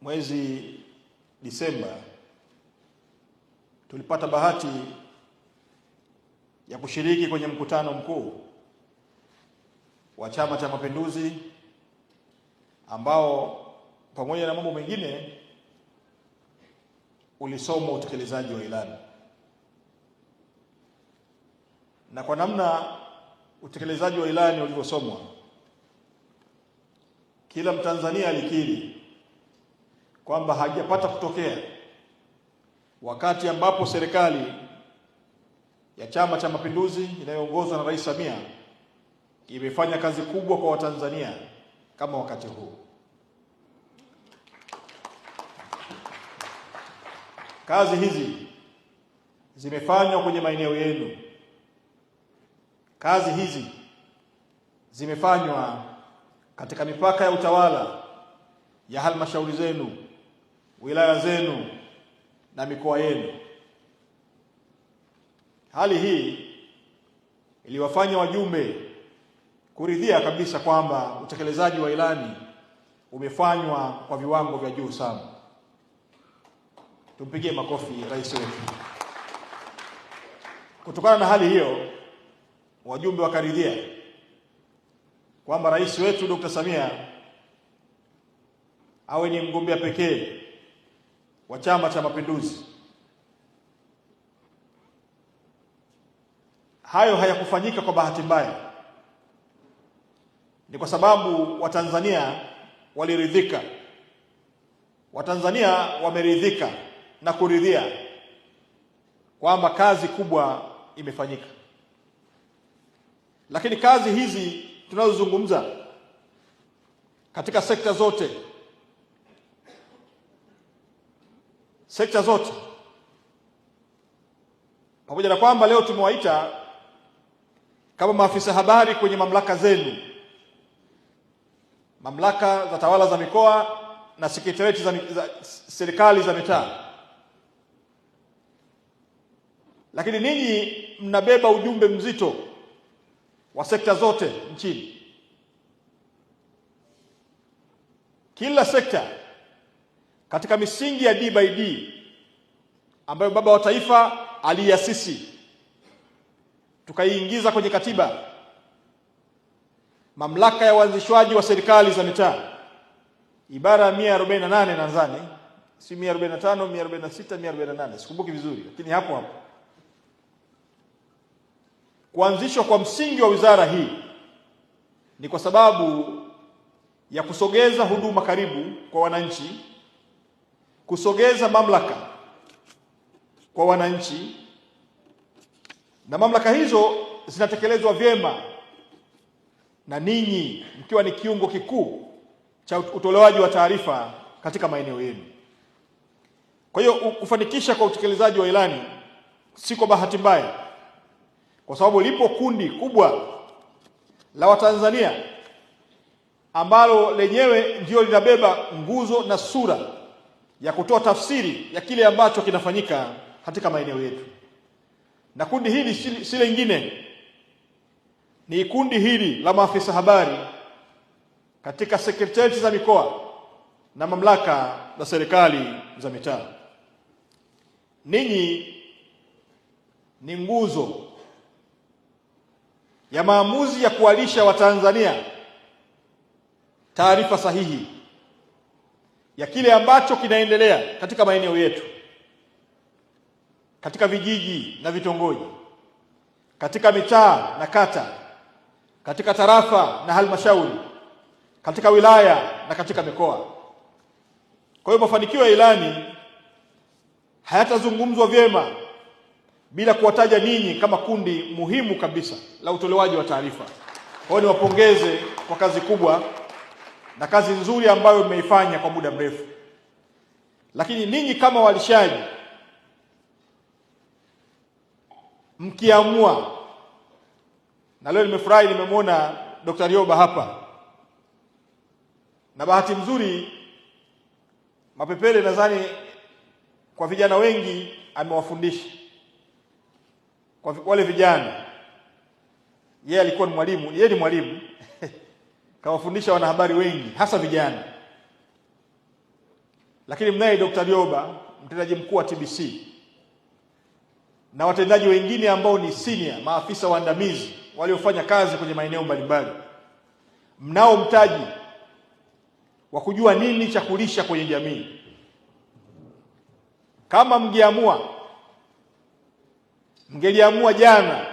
mwezi Disemba tulipata bahati ya kushiriki kwenye mkutano mkuu wa Chama cha Mapinduzi ambao pamoja na mambo mengine ulisoma utekelezaji wa ilani, na kwa namna utekelezaji wa ilani ulivyosomwa, kila Mtanzania alikiri kwamba hajapata kutokea wakati ambapo serikali ya Chama cha Mapinduzi inayoongozwa na Rais Samia imefanya kazi kubwa kwa Watanzania kama wakati huu. Kazi hizi zimefanywa kwenye maeneo yenu. Kazi hizi zimefanywa katika mipaka ya utawala ya halmashauri zenu wilaya zenu na mikoa yenu. Hali hii iliwafanya wajumbe kuridhia kabisa kwamba utekelezaji wa ilani umefanywa kwa viwango vya juu sana. Tumpigie makofi rais wetu. Kutokana na hali hiyo, wajumbe wakaridhia kwamba rais wetu Dr. Samia awe ni mgombea pekee wa Chama cha Mapinduzi. Hayo hayakufanyika kwa bahati mbaya, ni kwa sababu Watanzania waliridhika. Watanzania wameridhika na kuridhia kwamba kazi kubwa imefanyika, lakini kazi hizi tunazozungumza katika sekta zote sekta zote, pamoja na kwamba leo tumewaita kama maafisa habari kwenye mamlaka zenu, mamlaka za tawala za mikoa na sekretarieti za, za serikali za mitaa, lakini ninyi mnabeba ujumbe mzito wa sekta zote nchini. Kila sekta katika misingi ya D by D ambayo baba wa taifa aliasisi tukaiingiza kwenye katiba, mamlaka ya uanzishwaji wa serikali za mitaa, ibara ya 148 nadhani, si 145, 146, 148, sikumbuki vizuri, lakini hapo hapo kuanzishwa kwa msingi wa wizara hii ni kwa sababu ya kusogeza huduma karibu kwa wananchi kusogeza mamlaka kwa wananchi, na mamlaka hizo zinatekelezwa vyema na ninyi mkiwa ni kiungo kikuu cha utolewaji wa taarifa katika maeneo yenu. Kwa hiyo kufanikisha kwa utekelezaji wa ilani si kwa bahati mbaya, kwa sababu lipo kundi kubwa la Watanzania ambalo lenyewe ndio linabeba nguzo na sura ya kutoa tafsiri ya kile ambacho kinafanyika katika maeneo yetu. Na kundi hili si lingine, ni kundi hili la maafisa habari katika sekretarieti za mikoa na mamlaka za serikali za mitaa. Ninyi ni nguzo ya maamuzi ya kuwalisha Watanzania taarifa sahihi ya kile ambacho kinaendelea katika maeneo yetu, katika vijiji na vitongoji, katika mitaa na kata, katika tarafa na halmashauri, katika wilaya na katika mikoa. Kwa hiyo mafanikio ya ilani hayatazungumzwa vyema bila kuwataja ninyi kama kundi muhimu kabisa la utolewaji wa taarifa. Kwa hiyo niwapongeze kwa kazi kubwa na kazi nzuri ambayo mmeifanya kwa muda mrefu, lakini ninyi kama walishaji mkiamua, na leo nimefurahi, nimemwona Dr. Rioba hapa, na bahati nzuri mapepele nadhani kwa vijana wengi amewafundisha. Kwa wale vijana, yeye alikuwa ni mwalimu, yeye ni mwalimu kawafundisha wanahabari wengi hasa vijana. Lakini mnaye Dr. Rioba, mtendaji mkuu wa TBC na watendaji wengine ambao ni senior maafisa waandamizi waliofanya kazi kwenye maeneo mbalimbali, mnao mtaji wa kujua nini cha kulisha kwenye jamii. Kama mngeamua, mngeliamua jana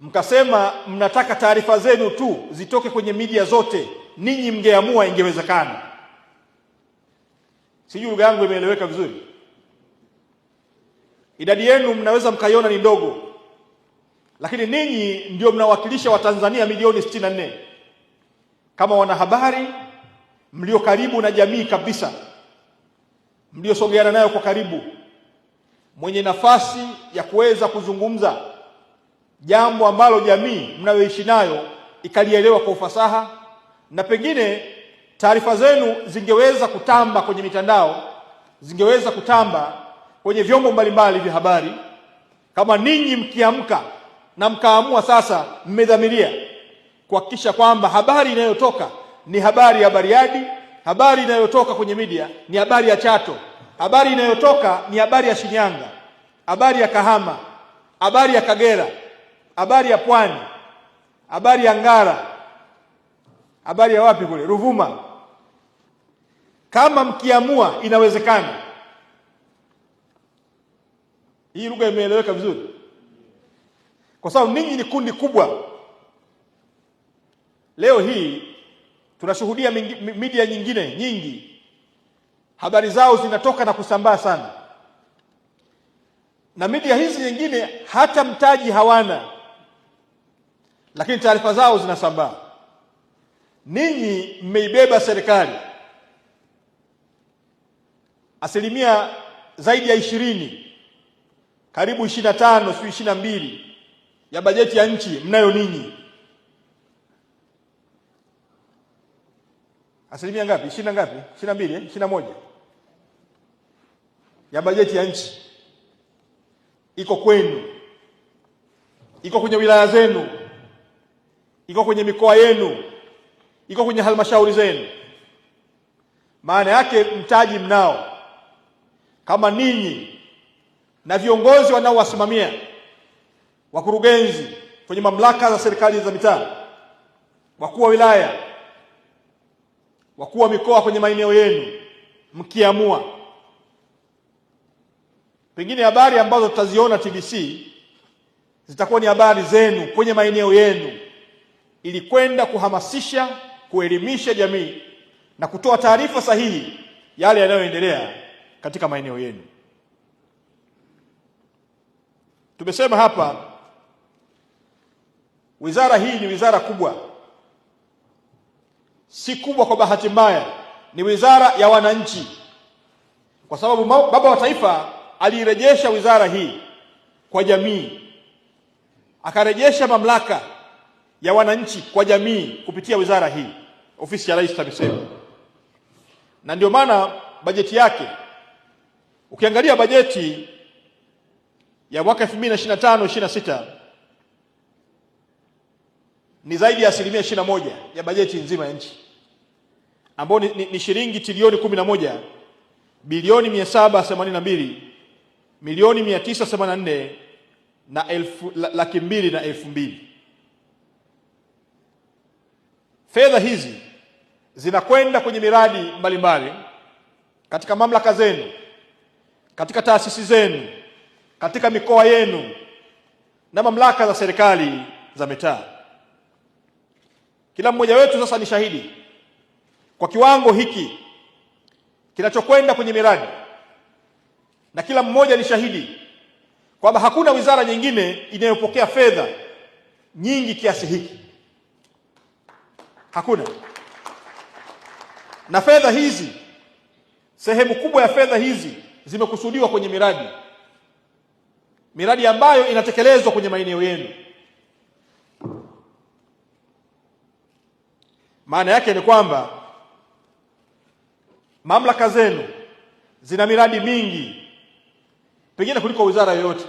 mkasema mnataka taarifa zenu tu zitoke kwenye media zote, ninyi mngeamua ingewezekana. Sijui lugha yangu imeeleweka vizuri? Idadi yenu mnaweza mkaiona ni ndogo, lakini ninyi ndio mnawakilisha Watanzania milioni 64 kama wanahabari mlio karibu na jamii kabisa, mliosogeana nayo kwa karibu, mwenye nafasi ya kuweza kuzungumza jambo ambalo jamii mnayoishi nayo ikalielewa kwa ufasaha, na pengine taarifa zenu zingeweza kutamba kwenye mitandao, zingeweza kutamba kwenye vyombo mbalimbali vya habari, kama ninyi mkiamka na mkaamua sasa mmedhamiria kuhakikisha kwamba habari inayotoka ni habari ya Bariadi, habari inayotoka kwenye media ni habari ya Chato, habari inayotoka ni habari ya Shinyanga, habari ya Kahama, habari ya Kagera habari ya Pwani, habari ya Ngara, habari ya wapi kule Ruvuma. Kama mkiamua, inawezekana. Hii lugha imeeleweka vizuri, kwa sababu ninyi ni kundi kubwa. Leo hii tunashuhudia media nyingine nyingi, habari zao zinatoka na kusambaa sana, na media hizi nyingine hata mtaji hawana lakini taarifa zao zinasambaa. Ninyi mmeibeba serikali asilimia zaidi ya ishirini, karibu ishirini na tano, sio ishirini na mbili ya bajeti ya nchi mnayo ninyi. Asilimia ngapi? ishirini na ngapi? ishirini na mbili, eh? ishirini na moja ya bajeti ya nchi iko kwenu, iko kwenye wilaya zenu iko kwenye mikoa yenu, iko kwenye halmashauri zenu. Maana yake mtaji mnao, kama ninyi na viongozi wanaowasimamia wakurugenzi kwenye mamlaka za serikali za mitaa, wakuu wa wilaya, wakuu wa mikoa kwenye maeneo yenu, mkiamua pengine habari ambazo tutaziona TBC zitakuwa ni habari zenu kwenye maeneo yenu ili kwenda kuhamasisha, kuelimisha jamii na kutoa taarifa sahihi yale yanayoendelea katika maeneo yenu. Tumesema hapa wizara hii ni wizara kubwa, si kubwa kwa bahati mbaya, ni wizara ya wananchi, kwa sababu baba wa taifa aliirejesha wizara hii kwa jamii, akarejesha mamlaka ya wananchi kwa jamii kupitia wizara hii, ofisi ya Rais TAMISEMI, na ndio maana bajeti yake ukiangalia bajeti ya mwaka 2025 26 ni zaidi ya asilimia 21 ya bajeti nzima ya nchi ambayo ni, ni, ni shilingi trilioni 11 bilioni 782 milioni 984 na laki mbili na elfu mbili. Fedha hizi zinakwenda kwenye miradi mbalimbali katika mamlaka zenu, katika taasisi zenu, katika mikoa yenu na mamlaka za serikali za mitaa. Kila mmoja wetu sasa ni shahidi kwa kiwango hiki kinachokwenda kwenye miradi, na kila mmoja ni shahidi kwamba hakuna wizara nyingine inayopokea fedha nyingi kiasi hiki. Hakuna. Na fedha hizi, sehemu kubwa ya fedha hizi zimekusudiwa kwenye miradi, miradi ambayo inatekelezwa kwenye maeneo yenu. Maana yake ni kwamba mamlaka zenu zina miradi mingi pengine kuliko wizara yoyote,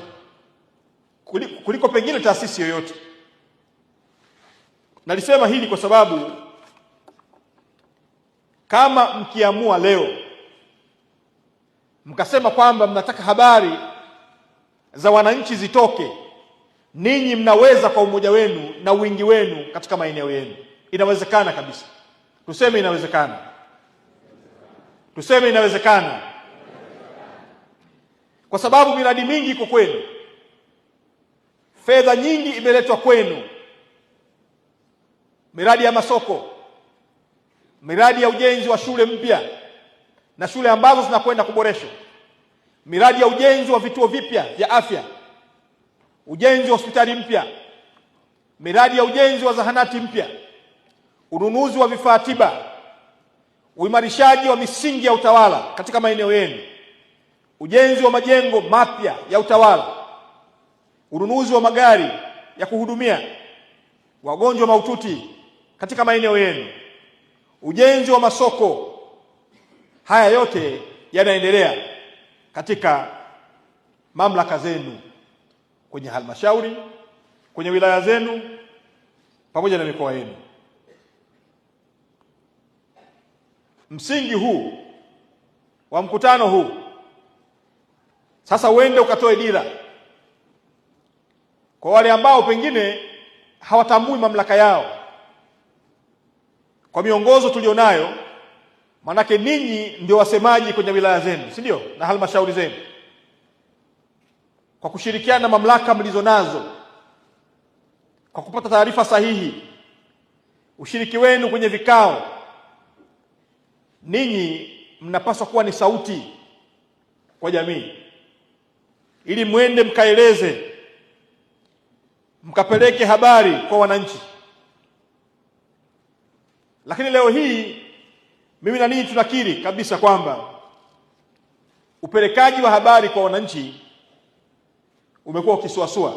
kuliko pengine taasisi yoyote. Nalisema hili kwa sababu kama mkiamua leo mkasema kwamba mnataka habari za wananchi zitoke, ninyi mnaweza kwa umoja wenu na wingi wenu katika maeneo yenu. Inawezekana kabisa, tuseme inawezekana, tuseme inawezekana, kwa sababu miradi mingi iko kwenu, fedha nyingi imeletwa kwenu miradi ya masoko, miradi ya ujenzi wa shule mpya na shule ambazo zinakwenda kuboreshwa, miradi ya ujenzi wa vituo vipya vya afya, ujenzi wa hospitali mpya, miradi ya ujenzi wa zahanati mpya, ununuzi wa vifaa tiba, uimarishaji wa misingi ya utawala katika maeneo yenu, ujenzi wa majengo mapya ya utawala, ununuzi wa magari ya kuhudumia wagonjwa mahututi katika maeneo yenu, ujenzi wa masoko. Haya yote yanaendelea katika mamlaka zenu, kwenye halmashauri, kwenye wilaya zenu, pamoja na mikoa yenu. Msingi huu wa mkutano huu sasa uende ukatoe dira kwa wale ambao pengine hawatambui mamlaka yao kwa miongozo tulionayo, maanake ninyi ndio wasemaji kwenye wilaya zenu, si ndio? Na halmashauri zenu, kwa kushirikiana na mamlaka mlizonazo, kwa kupata taarifa sahihi, ushiriki wenu kwenye vikao, ninyi mnapaswa kuwa ni sauti kwa jamii, ili mwende mkaeleze, mkapeleke habari kwa wananchi. Lakini leo hii mimi na ninyi tunakiri kabisa kwamba upelekaji wa habari kwa wananchi umekuwa ukisuasua,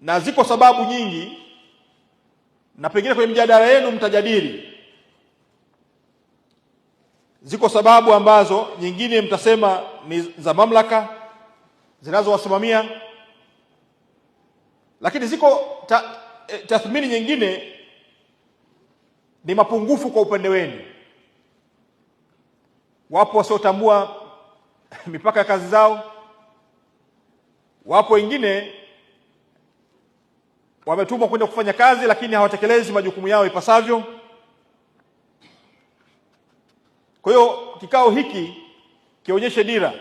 na ziko sababu nyingi, na pengine kwenye mjadala yenu mtajadili. Ziko sababu ambazo nyingine mtasema ni za mamlaka zinazowasimamia, lakini ziko eh, tathmini nyingine ni mapungufu kwa upande wenu. Wapo wasiotambua mipaka ya kazi zao, wapo wengine wametumwa kwenda kufanya kazi lakini hawatekelezi majukumu yao ipasavyo. Kwa hiyo kikao hiki kionyeshe dira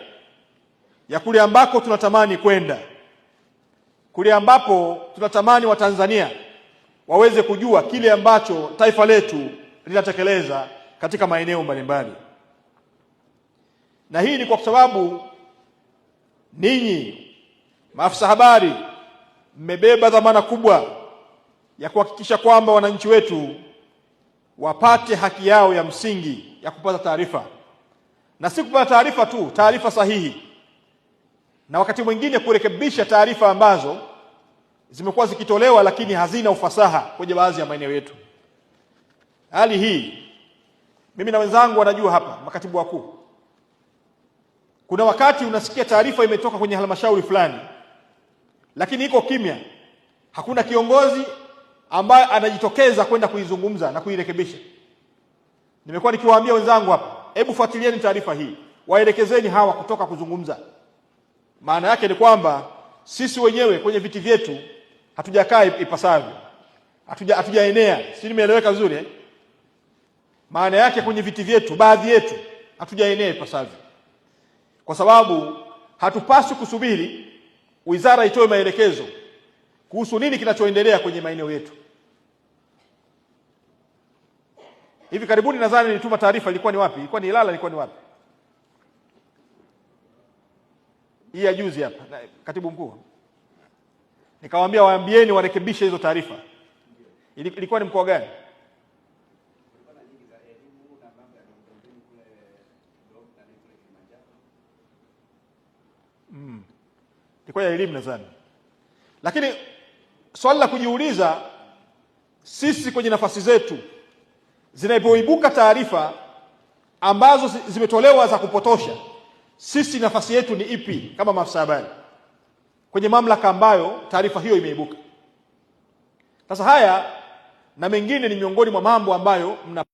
ya kule ambako tunatamani kwenda, kule ambapo tunatamani Watanzania waweze kujua kile ambacho taifa letu linatekeleza katika maeneo mbalimbali, na hii ni kwa sababu ninyi maafisa habari mmebeba dhamana kubwa ya kuhakikisha kwamba wananchi wetu wapate haki yao ya msingi ya kupata taarifa, na si kupata taarifa tu, taarifa sahihi, na wakati mwingine kurekebisha taarifa ambazo zimekuwa zikitolewa lakini hazina ufasaha kwenye baadhi ya maeneo yetu. Hali hii mimi na wenzangu wanajua hapa, makatibu wakuu, kuna wakati unasikia taarifa imetoka kwenye halmashauri fulani, lakini iko kimya, hakuna kiongozi ambaye anajitokeza kwenda kuizungumza na kuirekebisha. Nimekuwa nikiwaambia wenzangu hapa, hebu fuatilieni taarifa hii, waelekezeni hawa kutoka kuzungumza. Maana yake ni kwamba sisi wenyewe kwenye viti vyetu hatujakaa ipasavyo, hatuja hatujaenea, si nimeeleweka vizuri eh? Maana yake kwenye viti vyetu baadhi yetu hatujaenea ipasavyo, kwa sababu hatupaswi kusubiri wizara itoe maelekezo kuhusu nini kinachoendelea kwenye maeneo yetu. Hivi karibuni nadhani nilituma taarifa, ilikuwa ni wapi? Ilikuwa ni Ilala, ilikuwa ni wapi? Hii ya juzi hapa, katibu mkuu Nikamwambia waambieni warekebishe hizo taarifa. Ilikuwa ni mkoa gani? Mm. Ilikuwa ya elimu nadhani, lakini swali la kujiuliza sisi kwenye nafasi zetu zinapoibuka taarifa ambazo zimetolewa za kupotosha, sisi nafasi yetu ni ipi kama maafisa habari? kwenye mamlaka ambayo taarifa hiyo imeibuka. Sasa haya na mengine ni miongoni mwa mambo ambayo mna